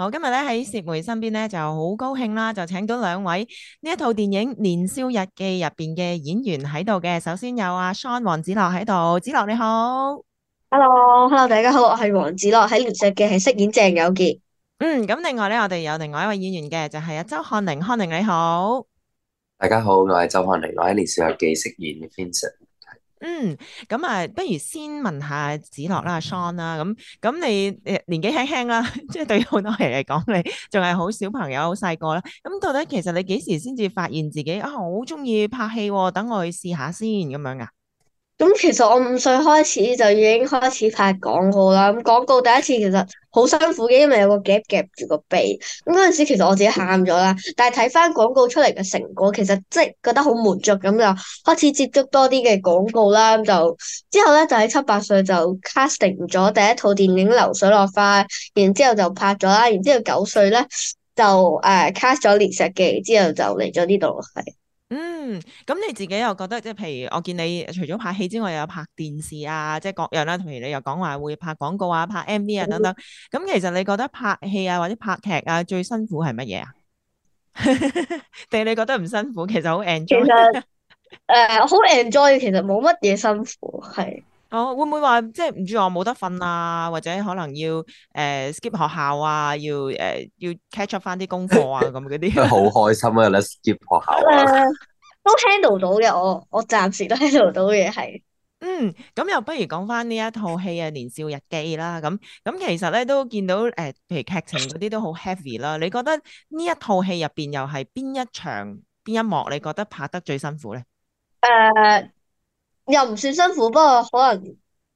好，今日咧喺薛梅身邊咧就好高興啦，就請到兩位呢一套電影《年少日記》入邊嘅演員喺度嘅。首先有阿 Sean 黃梓樂喺度，梓樂你好，Hello，Hello，大家好，我係黃梓樂，喺《年少日記》係飾演鄭有傑。嗯，咁另外咧我哋有另外一位演員嘅，就係阿周漢寧，漢寧你好，大家好，我係周漢寧，我喺《年少日記》飾演 Vincent。嗯，咁啊，不如先問下子樂啦，啊，阿 Sean 啦，啊，咁咁你年紀輕輕啦，即 係對於好多人嚟講，你仲係好小朋友，好細個啦。咁到底其實你幾時先至發現自己啊好中意拍戲，啊？等我去試下先咁樣㗎？咁其實我五歲開始就已經開始拍廣告啦。咁廣告第一次其實好辛苦嘅，因為有個夾夾住個鼻。咁嗰陣時其實我自己喊咗啦。但係睇返廣告出嚟嘅成果，其實即係覺得好滿足，咁就開始接觸多啲嘅廣告啦。咁就之後咧就喺七八歲就 casting 咗第一套電影《流水落花》，然之後就拍咗啦。然之後九歲咧就誒 cast 咗《年少日記》，之後就嚟咗呢度係。嗯，咁你自己又覺得，即係譬如我見你除咗拍戲之外，又有拍電視啊，即、就、係、是、各樣啦。譬如你又講話會拍廣告啊、拍 MV 啊等等。咁、嗯、其實你覺得拍戲啊或者拍劇啊最辛苦係乜嘢啊？定 你覺得唔辛苦？其實好 enjoy 實、 呃。其實誒，好 enjoy，其實冇乜嘢辛苦係。哦，會唔會話即係唔住我冇得瞓啊？或者可能要誒、呃、skip 學校啊，要誒、呃、要 catch up 翻啲功課啊，咁嗰啲好開心啊！你 skip 學校都 handle 到嘅，我我暫時都 handle 到嘅係。嗯，咁又不如講翻呢一套戲嘅《年少日記》啦，咁咁其實咧都見到誒、呃，譬如劇情嗰啲都好 heavy 啦。你覺得呢一套戲入邊又係邊一場、邊一幕你覺得拍得最辛苦咧？誒、uh。又唔算辛苦，不過可能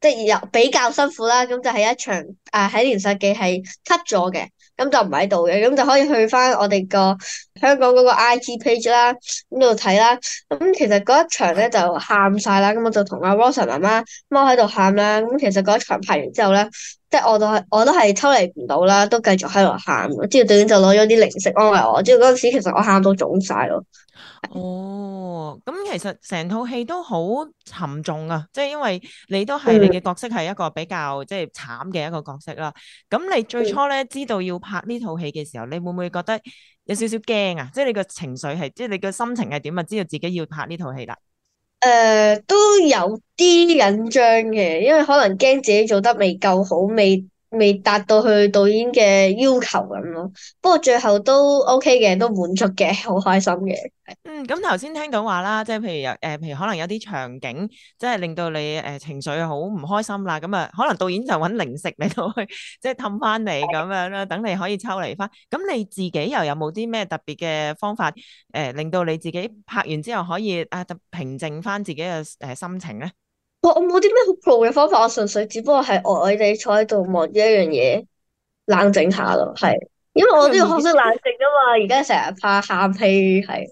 即係又比較辛苦啦。咁就係一場誒喺連世紀係 cut 咗嘅，咁就唔喺度嘅，咁就可以去翻我哋個香港嗰個 IG page 啦，咁度睇啦。咁其實嗰一場咧就喊晒啦，咁我就同阿 Rosa 媽媽踎喺度喊啦。咁其實嗰一場拍完之後咧，即係我都係我都係抽離唔到啦，都繼續喺度喊。之後導演就攞咗啲零食安慰我。之後嗰陣時其實我喊到腫晒咯。哦，咁其實成套戲都好沉重啊，即係因為你都係、嗯、你嘅角色係一個比較即係慘嘅一個角色啦。咁你最初呢，知道要拍呢套戲嘅時候，你會唔會覺得有少少驚啊？即係你個情緒係，即係你嘅心情係點啊？知道自己要拍呢套戲啦。誒、呃，都有啲緊張嘅，因為可能驚自己做得未夠好，未。未達到佢導演嘅要求咁咯，不過最後都 OK 嘅，都滿足嘅，好開心嘅。嗯，咁頭先聽到話啦，即係譬如誒、呃，譬如可能有啲場景，即係令到你誒、呃、情緒好唔開心啦，咁啊，可能導演就揾零食嚟到去即係氹翻你咁樣啦，的等你可以抽離翻。咁你自己又有冇啲咩特別嘅方法誒、呃，令到你自己拍完之後可以啊、呃、平靜翻自己嘅誒、呃、心情咧？我冇啲咩好 pro 嘅方法，我純粹只不過係呆哋坐喺度望住一樣嘢，冷靜下咯，係，因為我都要學識冷靜㗎嘛，而家成日拍喊戲係。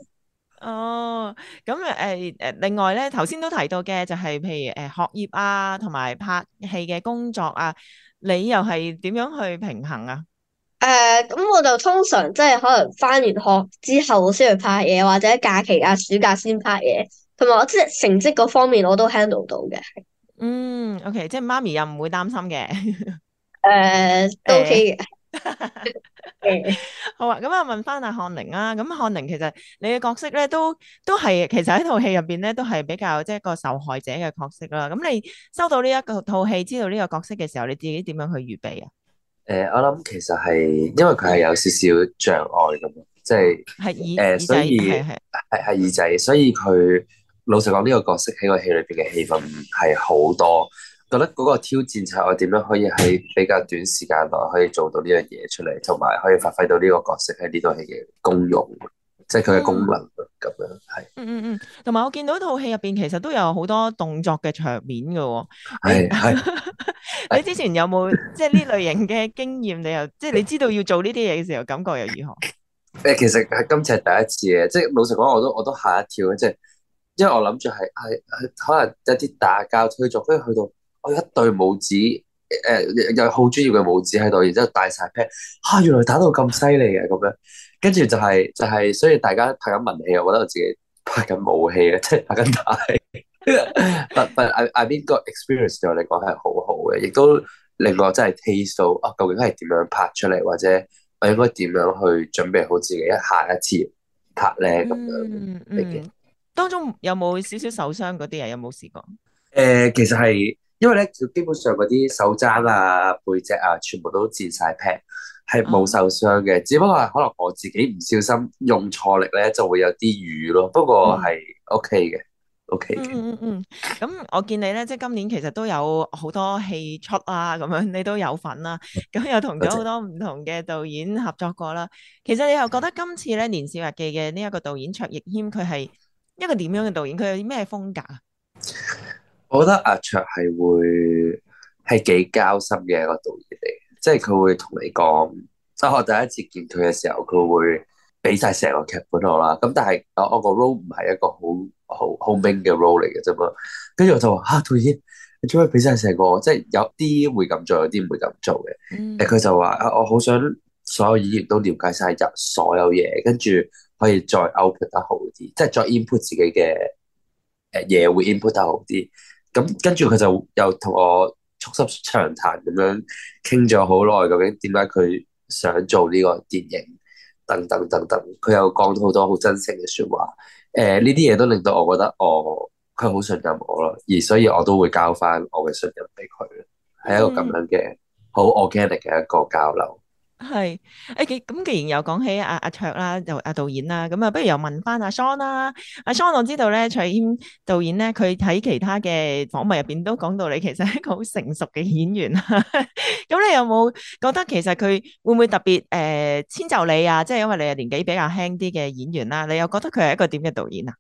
哦，咁誒誒，另外咧，頭先都提到嘅就係、是、譬如誒、呃、學業啊，同埋拍戲嘅工作啊，你又係點樣去平衡啊？誒、呃，咁我就通常即係可能翻完學之後先去拍嘢，或者假期啊暑假先拍嘢。同埋我即係成績嗰方面我，我都 handle 到嘅。嗯，OK，即係媽咪又唔會擔心嘅。誒，都 OK 嘅。好啊，咁啊，問翻阿漢寧啦。咁漢寧其實你嘅角色咧，都都係其實喺套戲入邊咧，都係比較即係一個受害者嘅角色啦。咁你收到呢一個套戲，知道呢個角色嘅時候，你自己點樣去預備啊？誒、欸，我諗其實係因為佢係有少少障礙咁，即係係耳誒，所以係係耳仔，所以佢。老實講，呢、這個角色喺個戲裏邊嘅氣氛係好多，覺得嗰個挑戰係我點樣可以喺比較短時間內可以做到呢樣嘢出嚟，同埋可以發揮到呢個角色喺呢套戲嘅功用，即係佢嘅功能咁、嗯、樣係、嗯。嗯嗯嗯，同埋我見到套戲入邊其實都有好多動作嘅場面嘅。係係， 你之前有冇即係呢類型嘅經驗？你又即係你知道要做呢啲嘢嘅時候，感覺又如何？誒，其實係今次係第一次嘅，即係老實講，我都我都吓一,一跳，即、就、係、是。因為我諗住係係可能一啲打交推撞，跟住去到我一對拇指誒，有好專業嘅拇指喺度，然之後帶晒 pad 吓原來打到咁犀利嘅咁樣，跟住就係、是、就係、是，所以大家拍緊文戲，我覺得我自己拍緊武戲，咧，即係拍緊打。但係 I, I mean, 個 experience 對我嚟講係好好嘅，亦都令我真係 taste 到、啊、哦，究竟係點樣拍出嚟，或者我應該點樣去準備好自己一下一次拍咧咁樣、mm hmm. 當中有冇少少受傷嗰啲啊？有冇試過？誒、呃，其實係因為咧，就基本上嗰啲手踭啊、背脊啊，全部都墊晒劈，a 係冇受傷嘅。嗯、只不過係可能我自己唔小心用錯力咧，就會有啲瘀咯。不過係 OK 嘅，OK。嘅、嗯。嗯嗯。咁我見你咧，即係今年其實都有好多戲出啊，咁樣你都有份啦、啊。咁又同咗好多唔同嘅導演合作過啦。謝謝其實你又覺得今次咧《年少日記》嘅呢一個導演卓亦謙，佢係？一個點樣嘅導演，佢有啲咩風格啊？我覺得阿卓係會係幾交心嘅一個導演嚟，即係佢會同你講。即係我第一次見佢嘅時候，佢會俾晒成個劇本我啦。咁但係我我個 role 唔係一個好好好 main 嘅 role 嚟嘅啫嘛。跟住我就話：，吓、啊、導演，你做咩可俾晒成個？即係有啲會咁做，有啲唔會咁做嘅。誒、嗯，佢就話：，啊，我好想所有演員都了解晒入所有嘢，跟住。可以再 open 得好啲，即係再 input 自己嘅誒嘢會 input 得好啲。咁跟住佢就又同我促膝長談咁樣傾咗好耐，究竟點解佢想做呢個電影？等等等等，佢又講咗好多好真誠嘅説話。誒呢啲嘢都令到我覺得哦，佢好信任我咯。而所以，我都會交翻我嘅信任俾佢。係一個咁樣嘅好、嗯、organic 嘅一個交流。係，誒，咁、欸、既然又講起阿、啊、阿、啊、卓啦，又、啊、阿導演啦，咁啊，不如又問翻阿 son 啦，阿、啊、son 我知道咧，卓亦謙導演咧，佢喺其他嘅訪問入邊都講到你其實係一個好成熟嘅演員啦，咁 你有冇覺得其實佢會唔會特別誒遷就你啊？即係因為你係年紀比較輕啲嘅演員啦，你又覺得佢係一個點嘅導演啊？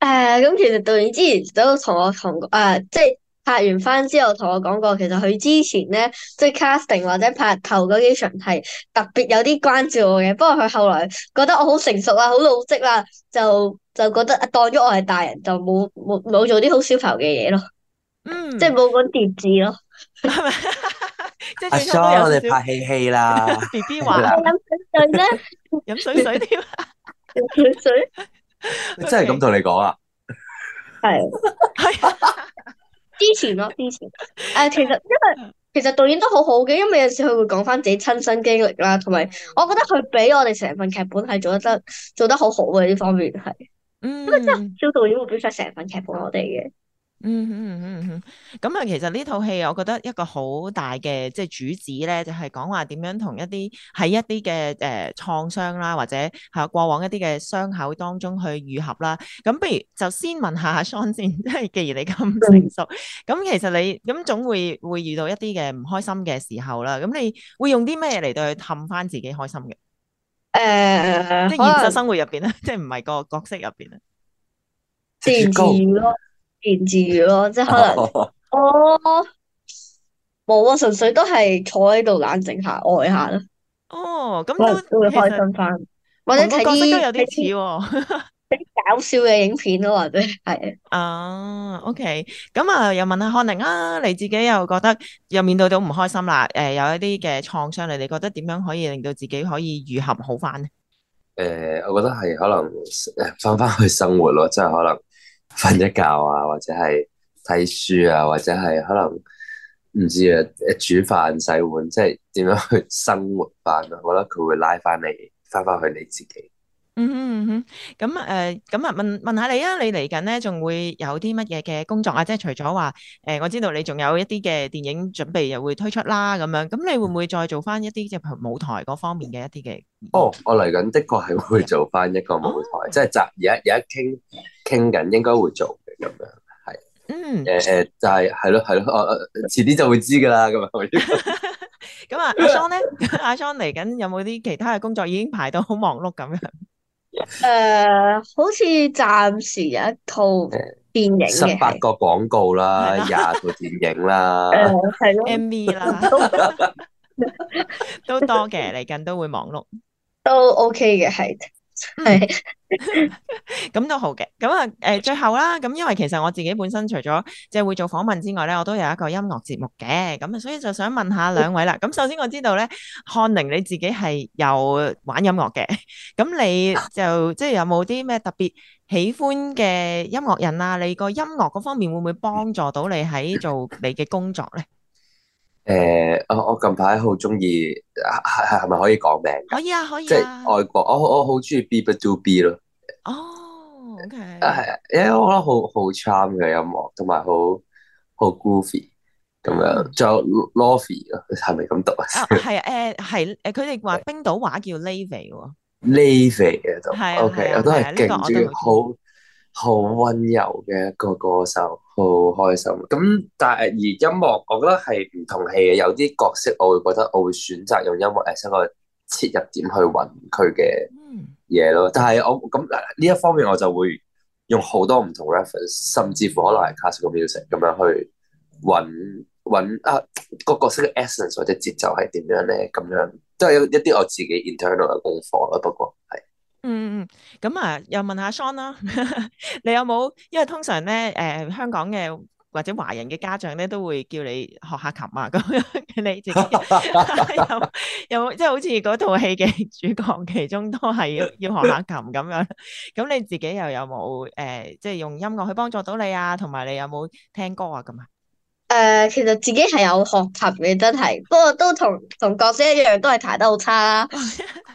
誒、呃、咁、嗯、其實導演之前都同我同誒、啊、即。拍完翻之後同我講過，其實佢之前咧即係、就是、casting 或者拍頭嗰幾場係特別有啲關照我嘅，不過佢後來覺得我好成熟啦，好老積啦，就就覺得當咗我係大人，就冇冇冇做啲好消浮嘅嘢咯。嗯、即係冇搵疊字咯，係咪、 啊 Sean？ 即係阿 s 我哋拍戲戲啦，B B 話飲水水啫，飲水水添，水水， 水 Okay. 真係咁同你講啊，係係。之前咯、啊，之前，誒、啊，其實因為其實導演都好好嘅，因為有時佢會講翻自己親身經歷啦，同埋我覺得佢俾我哋成份劇本係做得得做得好好嘅，呢方面係，不過啊、嗯、真係，小導演會俾晒成份劇本我哋嘅。嗯哼嗯嗯嗯，咁啊，其實呢套戲我覺得一個好大嘅即係主旨咧，就係講話點樣同一啲喺一啲嘅誒創傷啦，或者吓過往一啲嘅傷口當中去愈合啦。咁不如就先問下阿 Sean 先，即係既然你咁成熟，咁、嗯、其實你咁總會會遇到一啲嘅唔開心嘅時候啦。咁你會用啲咩嚟到去氹翻自己開心嘅？誒、呃，即係現實生活入邊咧，能即係唔係個角色入邊咧，自娛咯。言自語咯，即係可能，我冇啊，純粹都係坐喺度冷靜下，呆下啦。哦、oh，咁都實都會開心翻，或者覺得都有啲似，啲搞笑嘅影片咯，或者係啊。O K，咁啊，又問下漢寧啊，你自己又覺得又面對到唔開心啦？誒、呃，有一啲嘅創傷，你哋覺得點樣可以令到自己可以愈合好翻咧？誒、呃，我覺得係可能誒，翻翻去生活咯，即係可能。瞓一覺啊，或者係睇書啊，或者係可能唔知啊，煮飯洗碗，即係點樣去生活翻啊？我覺得佢會拉翻你，翻翻去你自己。嗯哼,嗯哼嗯，嗯咁誒，咁啊，問問下你啊，你嚟緊咧仲會有啲乜嘢嘅工作啊？即係除咗話誒，我知道你仲有一啲嘅電影準備又會推出啦，咁樣咁你會唔會再做翻一啲即係舞台嗰方面嘅一啲嘅？哦，我嚟緊、哦、的確係會做翻一個舞台，即係集而家而家傾傾緊，skin, at, ت, gigantic, uh, ooky, 應該會做嘅咁樣，係，嗯，誒誒、네，就係係咯係咯，我遲啲就會知噶啦，咁啊，阿 Son 咧，阿 Son 嚟緊有冇啲其他嘅工作已經排到好忙碌咁樣？誒，uh, 好似暫時有一套電影，八個廣告啦，廿 套電影啦，MV 係啦，都多嘅，嚟緊都會忙碌，都 OK 嘅，係係。 咁都好嘅，咁啊，誒，最後啦，咁因為其實我自己本身除咗即係會做訪問之外咧，我都有一個音樂節目嘅，咁啊，所以就想問下兩位啦。咁首先我知道咧，漢寧你自己係有玩音樂嘅，咁你就即係有冇啲咩特別喜歡嘅音樂人啊？你個音樂嗰方面會唔會幫助到你喺做你嘅工作咧？誒、欸，我我近排好中意係係係咪可以講名？可以啊，可以、啊，即係外國，我我好中意 BBA Do B 咯。哦、oh,，OK，係啊，因為我覺得好好 charm 嘅音樂，同埋好好 groovy 咁樣，仲、嗯、有 lofi 啊，係咪咁讀、oh, 啊？啊，係、呃、啊，誒，係誒，佢哋話冰島話叫 Levi，Levi 嘅就 OK，我都係勁中意。好溫柔嘅一個歌手，好開心。咁但係而音樂，我覺得係唔同戲嘅，有啲角色我會覺得我會選擇用音樂 as 一個切入點去搵佢嘅嘢咯。但係我咁呢一方面，我就會用好多唔同 reference，甚至乎可能係 classical music 咁樣去搵搵啊個角色嘅 essence 或者節奏係點樣咧？咁樣都係一啲我自己 internal 嘅功課咯。不過係。嗯，嗯，咁啊，又問下 Son 啦、啊， 你有冇？因為通常咧，誒、呃，香港嘅或者華人嘅家長咧，都會叫你學下琴啊，咁 樣你自己、 啊、有冇？即係、就是、好似嗰套戲嘅主角，其中都係要 要學下琴咁樣。咁你自己又有冇誒，即、呃、係、就是、用音樂去幫助到你啊？同埋你有冇聽歌啊？咁啊？誒，其實自己係有學琴嘅，真係，不過都同同角色一樣，都係彈得好差啦、啊。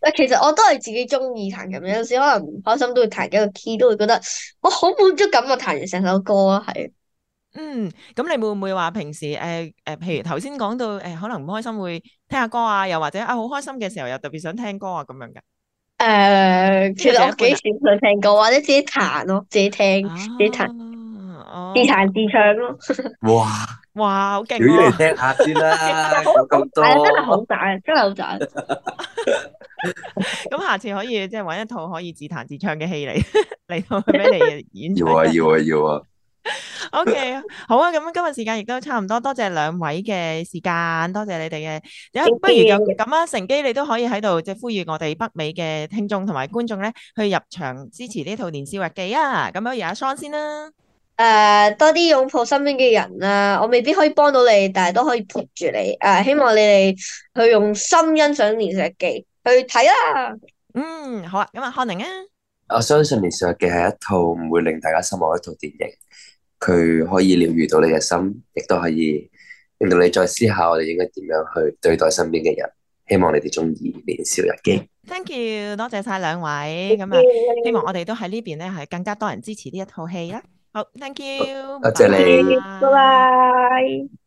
嗱，其實我都係自己中意彈琴，有陣時可能唔開心都會彈幾個 key，都會覺得我好滿足感啊，彈完成首歌啊，係。嗯，咁你會唔會話平時誒誒、呃呃，譬如頭先講到誒、呃，可能唔開心會聽下歌啊，又或者啊，好開心嘅時候又特別想聽歌啊，咁樣噶？誒、呃，其實我幾時想聽歌，或者自己彈咯，自己聽，自己彈，啊、自彈自唱咯。啊、哇！哇，好勁啊！聽下先啦， 有咁多、啊、真係好大，真係好大。 咁 下次可以即係搵一套可以自彈自唱嘅戲嚟，嚟到俾你演出。要啊，要啊，要啊。O K，好啊。咁今日時間亦都差唔多，多謝兩位嘅時間，多謝你哋嘅。 不如就咁啊，乘機你都可以喺度即係呼籲我哋北美嘅聽眾同埋觀眾咧，去入場支持呢套年少日記啊。咁樣而阿桑先啦。誒，uh, 多啲擁抱身邊嘅人啊！我未必可以幫到你，但係都可以陪住你。誒、uh,，希望你哋去用心欣賞年少日記。去睇啦，嗯，好啊，咁啊，漢寧啊，我相信《年少日記》係一套唔會令大家失望一套電影，佢可以療愈到你嘅心，亦都可以令到你再思考我哋應該點樣去對待身邊嘅人，希望你哋中意《年少日記》。Thank you，多謝晒兩位，咁啊，希望我哋都喺呢邊咧係更加多人支持呢一套戲啦。好，Thank you，好多謝你，拜拜。